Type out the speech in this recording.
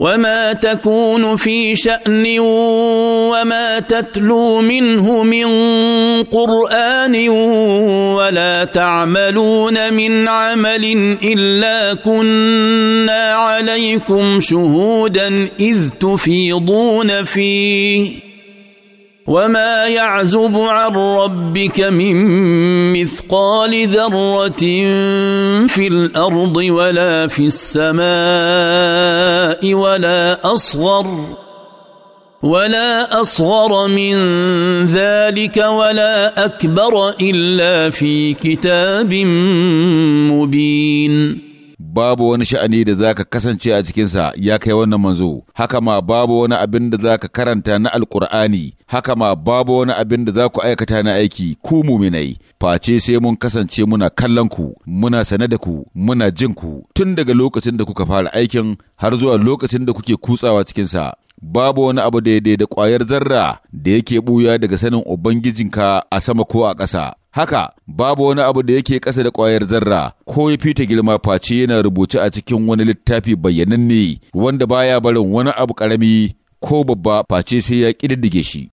وما تكون في شان وما تتلو منه من قران ولا تعملون من عمل الا كنا عليكم شهودا اذ تفيضون فيه وما يعزب عن ربك من مثقال ذره في الارض ولا في السماء ولا اصغر ولا اصغر من ذلك ولا اكبر الا في كتاب مبين babu wani sha'ani da za ka kasance a cikinsa ya kai wannan manzo, haka ma babu wani abin da za ka karanta na alkur'ani haka ma babu wani abin da za ku aikata na aiki ku muminai, face sai mun kasance muna kallon ku, muna sane da ku, muna jin ku, tun daga lokacin da kuka fara aikin har zuwa lokacin da kuke kutsawa cikinsa. babu wani abu daidai da ƙwayar zarra da yake buya daga sanin Ubangijinka a sama ko a ƙasa, haka babu wani abu da yake ƙasa da ƙwayar zarra ko ya fita girma face yana rubuce a cikin wani littafi bayyananne wanda baya barin wani abu ƙarami ko babba face sai ya ƙididdige shi